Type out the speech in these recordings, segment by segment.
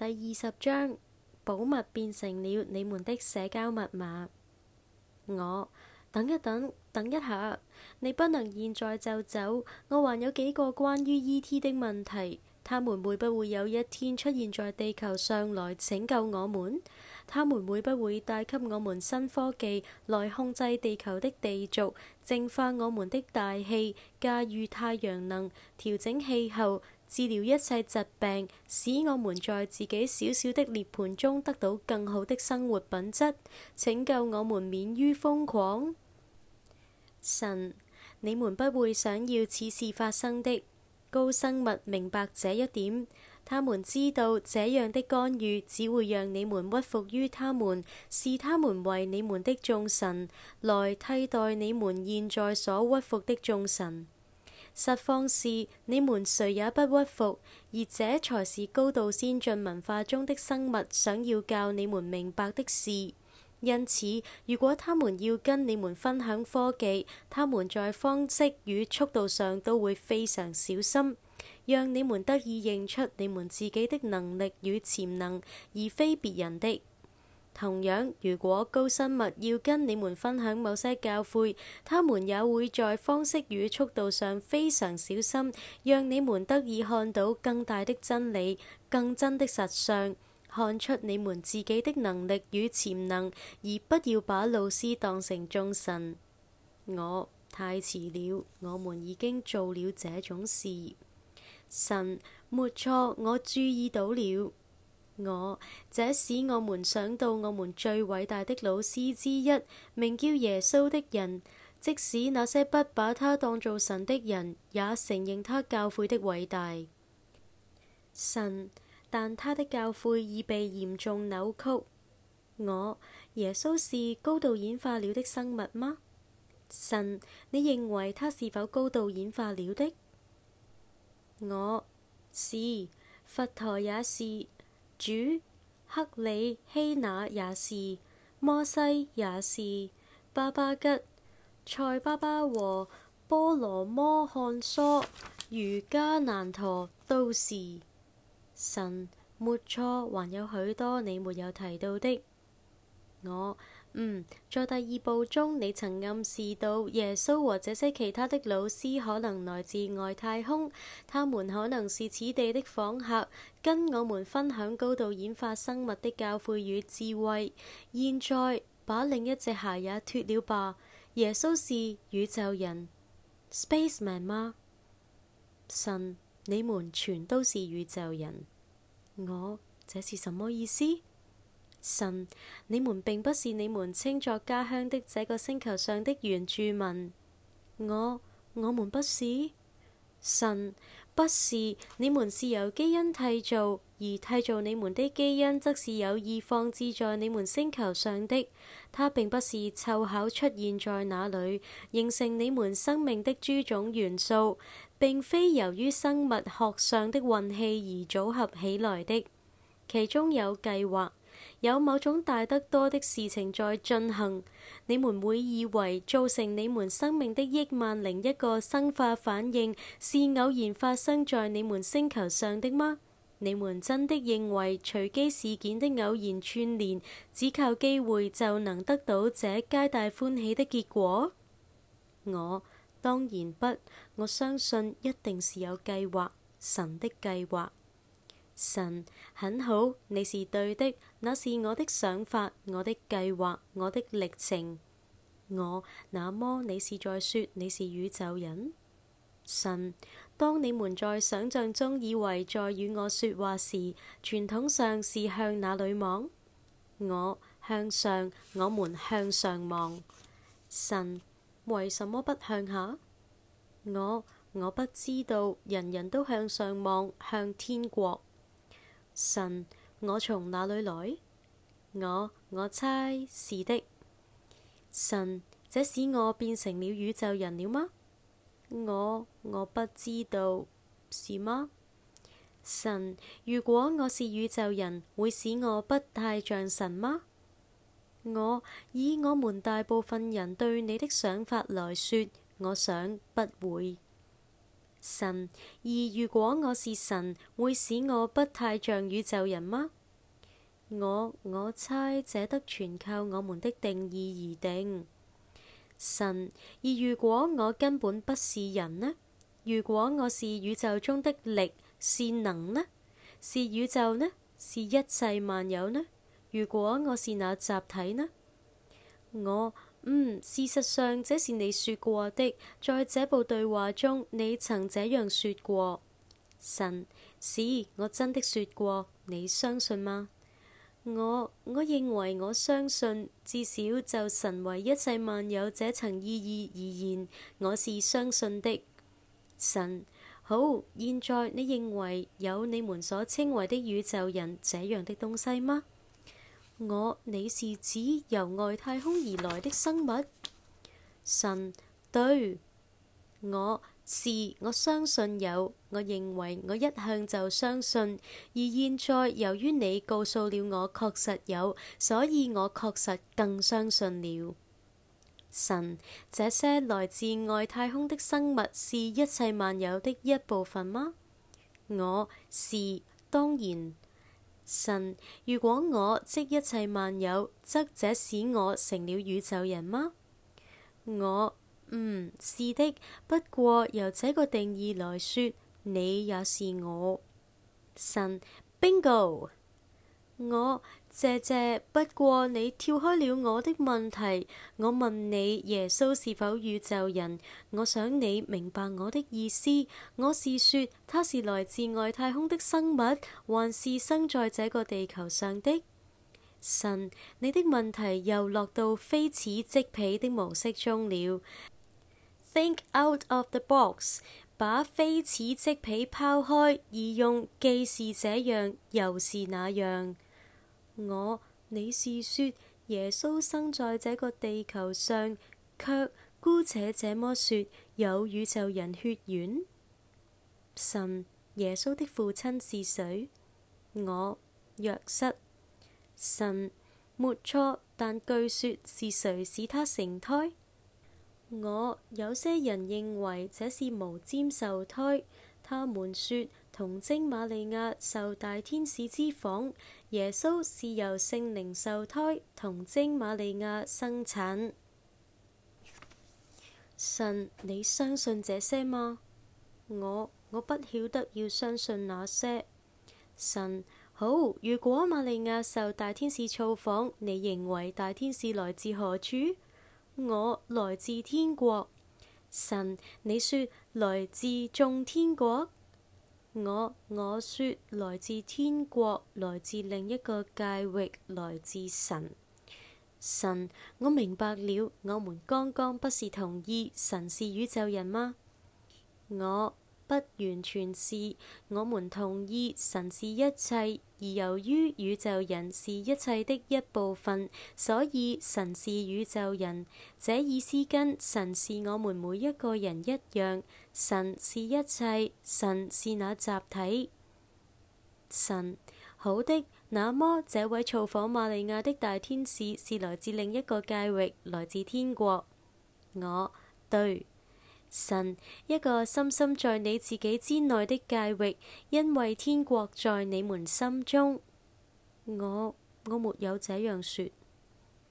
第二十章，保密變成了你們的社交密碼。我等一等，等一下，你不能現在就走。我還有幾個關於 E.T. 的問題，他們會不會有一天出現在地球上來拯救我們？他們會不會帶給我們新科技來控制地球的地軸、淨化我們的大氣、駕馭太陽能、調整氣候？治療一切疾病，使我們在自己小小的涅槃中得到更好的生活品質，拯救我們免於瘋狂。神，你們不會想要此事發生的。高生物明白這一點，他們知道這樣的干預只會讓你們屈服於他們，視他們為你們的眾神，來替代你們現在所屈服的眾神。實況是你們誰也不屈服，而這才是高度先進文化中的生物想要教你們明白的事。因此，如果他們要跟你們分享科技，他們在方式與速度上都會非常小心，讓你們得以認出你們自己的能力與潛能，而非別人的。同樣，如果高生物要跟你們分享某些教誨，他們也會在方式與速度上非常小心，讓你們得以看到更大的真理、更真的實相，看出你們自己的能力與潛能，而不要把老師當成眾神。我太遲了，我們已經做了這種事。神，沒錯，我注意到了。我，這使我們想到我們最偉大的老師之一，名叫耶穌的人。即使那些不把他當做神的人，也承認他教誨的偉大。神，但他的教誨已被嚴重扭曲。我，耶穌是高度演化了的生物嗎？神，你認為他是否高度演化了的？我是，佛陀也是。主克里希那也是，摩西也是，巴巴吉、塞巴巴和波羅摩漢梭瑜伽難陀都是神。沒錯，還有許多你沒有提到的。我。嗯，在第二部中，你曾暗示到耶穌和這些其他的老師可能來自外太空，他們可能是此地的訪客，跟我們分享高度演化生物的教誨與智慧。現在把另一隻鞋也脫了吧？耶穌是宇宙人，spaceman 嗎？神，你們全都是宇宙人。我，這是什麼意思？神，你們並不是你們稱作家鄉的這個星球上的原住民。我，我們不是神？不是你們是由基因締造而締造你們的基因，則是有意放置在你們星球上的。它並不是湊巧出現在那裏，形成你們生命的諸種元素，並非由於生物學上的運氣而組合起來的，其中有計劃。有某種大得多的事情在進行，你們會以為造成你們生命的億萬零一個生化反應是偶然發生在你們星球上的嗎？你們真的認為隨機事件的偶然串聯，只靠機會就能得到這皆大歡喜的結果？我，當然不，我相信一定是有計劃，神的計劃。神，很好，你是對的，那是我的想法、我的計劃，我的歷程。我，那麼你是在說你是宇宙人？神，當你們在想象中以為在與我說話時，傳統上是向哪裡望？我向上，我們向上望。神，為什麼不向下？我，我不知道，人人都向上望，向天國。神，我從哪裏來？我，我猜是的。神，這使我變成了宇宙人了嗎？我，我不知道，是嗎？神，如果我是宇宙人，會使我不太像神嗎？我，以我們大部分人對你的想法來說，我想不會。神，而如果我是神，會使我不太像宇宙人嗎？我我猜這得全靠我們的定義而定。神，而如果我根本不是人呢？如果我是宇宙中的力，是能呢？是宇宙呢？是一切萬有呢？如果我是那集體呢？我。嗯，事實上這是你說過的，在這部對話中你曾這樣說過。神，是，我真的說過，你相信嗎？我我認為我相信，至少就神為一切萬有這層意義而言，我是相信的。神，好，現在你認為有你們所稱為的宇宙人這樣的東西嗎？我，你是指由外太空而來的生物？神，對，我是我相信有，我認為我一向就相信，而現在由於你告訴了我確實有，所以我確實更相信了。神，這些來自外太空的生物是一切萬有的一部分嗎？我是當然。神，如果我即一切萬有，則這使我成了宇宙人嗎？我，嗯，是的。不過由這個定義來說，你也是我。神，Bingo。我，謝謝，不過你跳開了我的問題。我問你，耶穌是否宇宙人？我想你明白我的意思。我是說，他是來自外太空的生物，還是生在這個地球上的？神，你的問題又落到非此即彼的模式中了。Think out of the box，把非此即彼拋開，而用既是這樣，又是那樣。我，你是說耶穌生在這個地球上，卻姑且這麼說有宇宙人血緣？神，耶穌的父親是誰？我，若瑟。神，沒錯，但據說是誰使他成胎？我，有些人認為這是無玷受胎，他們說。童貞瑪利亞受大天使之訪，耶穌是由聖靈受胎，童貞瑪利亞生產。神，你相信這些嗎？我我不曉得要相信那些。神，好，如果瑪利亞受大天使造訪，你認為大天使來自何處？我來自天國。神，你說來自眾天國？我我說來自天國，來自另一個界域，來自神神。我明白了，我們剛剛不是同意神是宇宙人嗎？我。不完全是，我們同意神是一切，而由於宇宙人是一切的一部分，所以神是宇宙人。這意思跟神是我們每一個人一樣。神是一切，神是那集體神。好的，那麼這位造訪瑪利亞的大天使是來自另一個界域，來自天國。我對。神，一個深深在你自己之內的界域，因為天國在你們心中。我我沒有這樣說。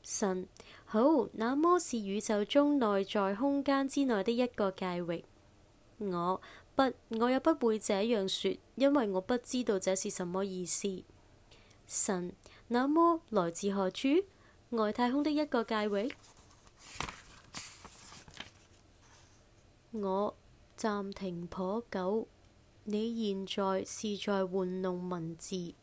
神，好，那麼是宇宙中內在空間之內的一個界域。我不，我也不會這樣說，因為我不知道這是什麼意思。神，那麼來自何處？外太空的一個界域？我暫停頗久，你現在是在玩弄文字，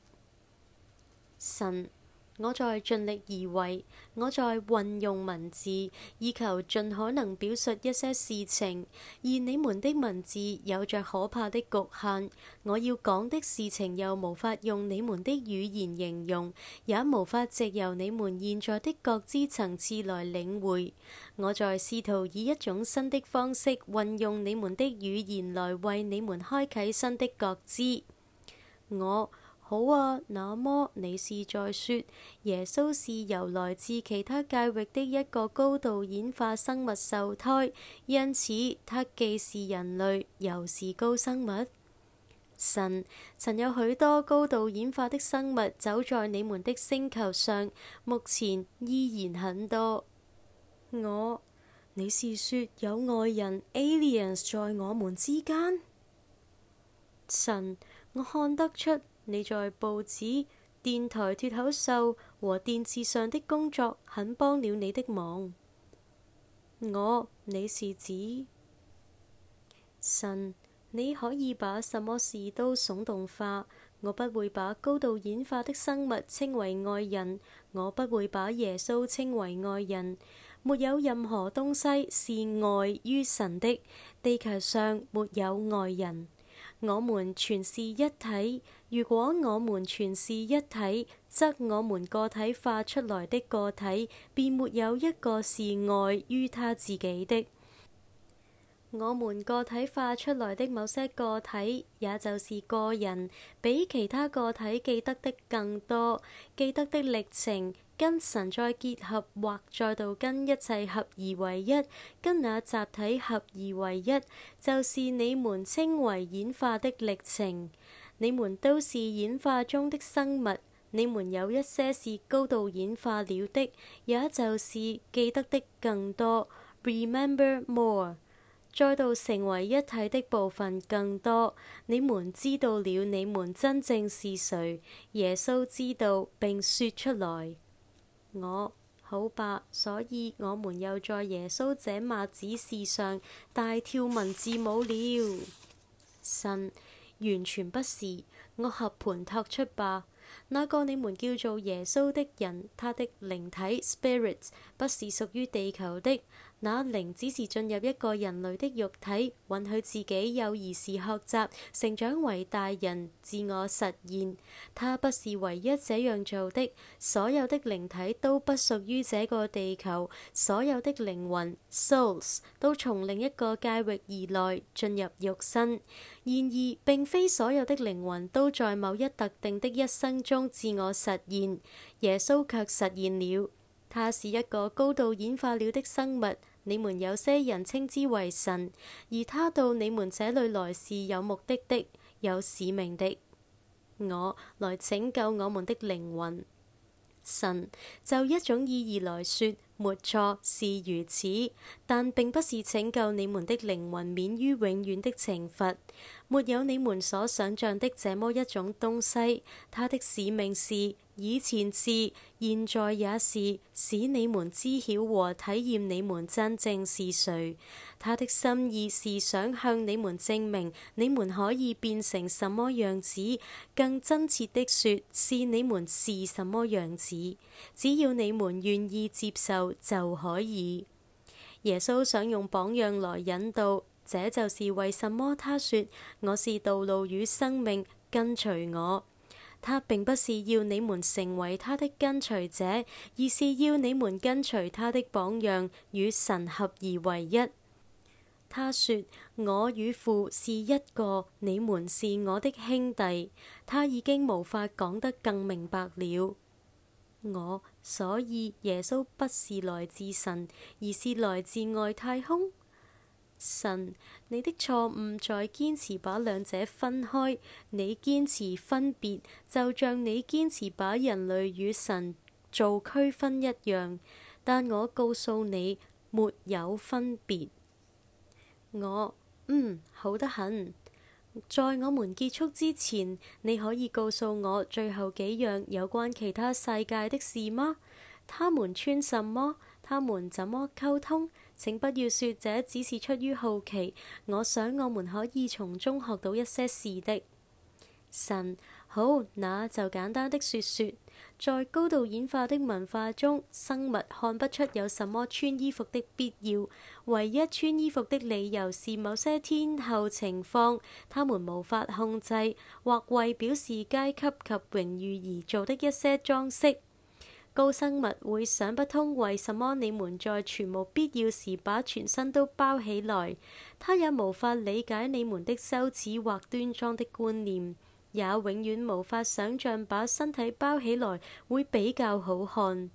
神。我在盡力而為，我在運用文字，以求盡可能表述一些事情。而你們的文字有着可怕的局限，我要講的事情又無法用你們的語言形容，也無法藉由你們現在的覺知層次來領會。我在試圖以一種新的方式運用你們的語言，來為你們開啟新的覺知。我。好啊，那麼你是在說，耶穌是由來自其他界域的一個高度演化生物受胎，因此他既是人類又是高生物。神，曾有許多高度演化的生物走在你們的星球上，目前依然很多。我，你是說有外人 （aliens） 在我們之間？神，我看得出。你在報紙、電臺脫口秀和電視上的工作，很幫了你的忙。我，你是指神？你可以把什麼事都聳動化。我不會把高度演化的生物稱為外人。我不會把耶穌稱為外人。沒有任何東西是外於神的。地球上沒有外人。我們全是一體，如果我們全是一體，則我們個體化出來的個體便沒有一個是外於他自己的。我們個體化出來的某些個體，也就是個人，比其他個體記得的更多，記得的歷程跟神再結合或再度跟一切合而為一，跟那集體合而為一，就是你們稱為演化的歷程。你們都是演化中的生物，你們有一些是高度演化了的，也就是記得的更多，Remember more。再度成為一體的部分更多，你們知道了你們真正是誰，耶穌知道並說出來。我，好吧，所以我們又在耶穌這碼子事上大跳文字舞了。神，完全不是，我和盤托出吧。那個你們叫做耶穌的人，他的靈體 spirit 不是屬於地球的。那靈只是進入一個人類的肉體，允許自己幼兒時學習，成長為大人，自我實現。他不是唯一這樣做的，所有的靈體都不屬於這個地球，所有的靈魂 （souls） 都從另一個界域而來，進入肉身。然而，並非所有的靈魂都在某一特定的一生中自我實現。耶穌卻實現了。他是一個高度演化了的生物，你們有些人稱之為神，而他到你們這裏來是有目的的，有使命的，我來拯救我們的靈魂。神就一種意義來說。沒錯，是如此，但並不是拯救你們的靈魂免於永遠的懲罰。沒有你們所想像的這麼一種東西。它的使命是，以前是，現在也是，使你們知曉和體驗你們真正是誰。它的心意是想向你們證明，你們可以變成什麼樣子。更真切的說，是你們是什麼樣子。只要你們願意接受。就可以。耶穌想用榜樣來引導，這就是為什麼他說我是道路與生命，跟隨我。他並不是要你們成為他的跟隨者，而是要你們跟隨他的榜樣，與神合而為一。他說我與父是一個，你們是我的兄弟。他已經無法講得更明白了。我。所以耶穌不是來自神，而是來自外太空。神，你的錯誤在堅持把兩者分開，你堅持分別，就像你堅持把人類與神做區分一樣。但我告訴你，沒有分別。我，嗯，好得很。在我們結束之前，你可以告訴我最後幾樣有關其他世界的事嗎？他們穿什麼？他們怎麼溝通？請不要說這只是出於好奇，我想我們可以從中學到一些事的。神好，那就簡單的說說。在高度演化的文化中，生物看不出有什麼穿衣服的必要。唯一穿衣服的理由是某些天候情況，他們無法控制，或為表示階級及榮譽而做的一些裝飾。高生物會想不通為什麼你們在全無必要時把全身都包起來，他也無法理解你們的羞恥或端莊的觀念。也永遠無法想像，把身體包起來會比較好看。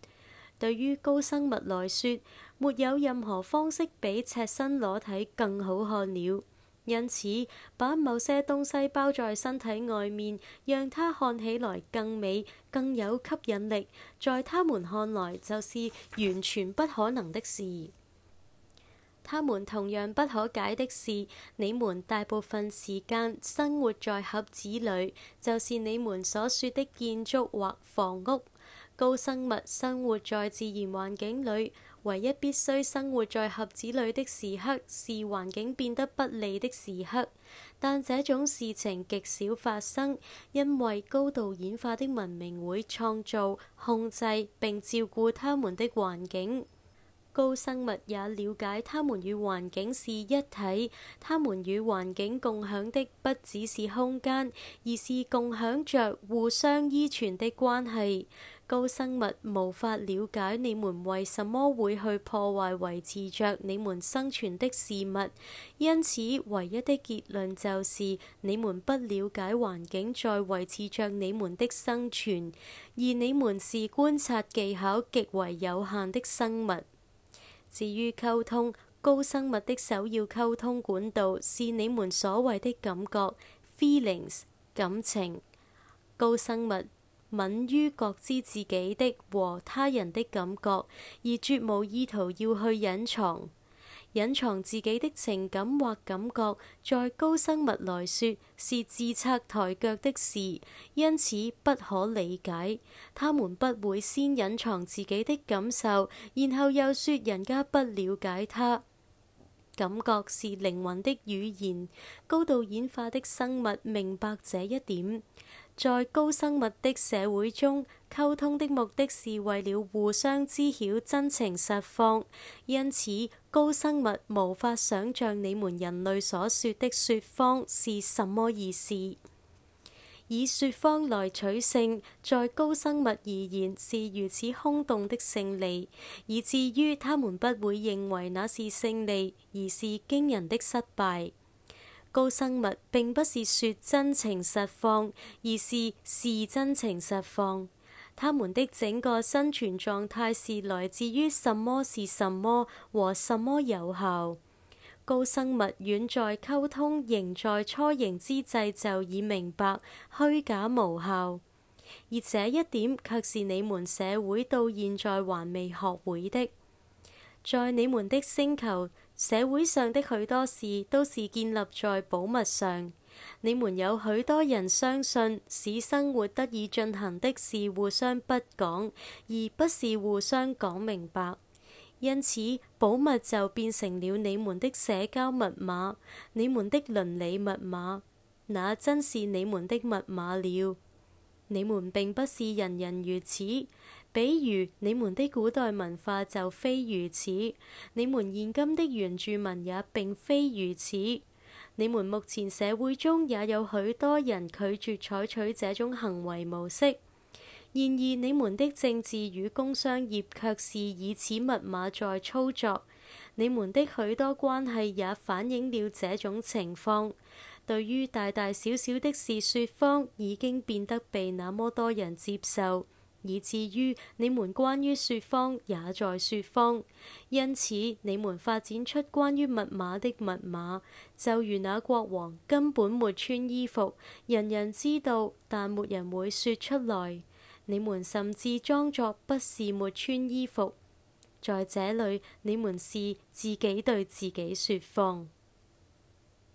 對於高生物來說，沒有任何方式比赤身裸體更好看了。因此，把某些東西包在身體外面，讓它看起來更美、更有吸引力，在他們看來就是完全不可能的事。他們同樣不可解的是，你們大部分時間生活在盒子裏，就是你們所說的建築或房屋。高生物生活在自然環境裏，唯一必須生活在盒子裏的時刻是環境變得不利的時刻，但這種事情極少發生，因為高度演化的文明會創造、控制並照顧他們的環境。高生物也了解，他們與環境是一體，他們與環境共享的不只是空間，而是共享着互相依存的關係。高生物無法了解你們為什麼會去破壞維持着你們生存的事物，因此唯一的結論就是你們不了解環境在維持着你們的生存，而你們是觀察技巧極為有限的生物。至於溝通，高生物的首要溝通管道是你們所謂的感覺 （feelings） 感情。高生物敏於覺知自己的和他人的感覺，而絕無意圖要去隱藏。隱藏自己的情感或感覺，在高生物來說是自拆台腳的事，因此不可理解。他們不會先隱藏自己的感受，然後又說人家不了解他。感覺是靈魂的語言，高度演化的生物明白這一點。在高生物的社會中，溝通的目的是為了互相知曉真情實況，因此高生物無法想像你們人類所說的説謊是什麼意思。以説謊來取勝，在高生物而言是如此空洞的勝利，以至於他們不會認為那是勝利，而是驚人的失敗。高生物並不是説真情實況，而是是真情實況。他們的整個生存狀態是來自於什麼是什麼和什麼有效。高生物遠在溝通仍在初形之際，就已明白虛假無效，而這一點卻是你們社會到現在還未學會的。在你們的星球，社會上的許多事都是建立在保密上。你們有許多人相信，使生活得以進行的是互相不講，而不是互相講明白。因此，保密就變成了你們的社交密碼，你們的倫理密碼，那真是你們的密碼了。你們並不是人人如此，比如你們的古代文化就非如此，你們現今的原住民也並非如此。你們目前社會中也有許多人拒絕採取這種行為模式，然而你們的政治與工商業却是以此密碼在操作。你們的許多關係也反映了這種情況。對於大大小小的事說謊已經變得被那麼多人接受。以至於你們關於説謊，也在説謊，因此你們發展出關於密碼的密碼，就如那國王根本沒穿衣服，人人知道，但沒人會說出來。你們甚至裝作不是沒穿衣服，在這裏你們是自己對自己説謊。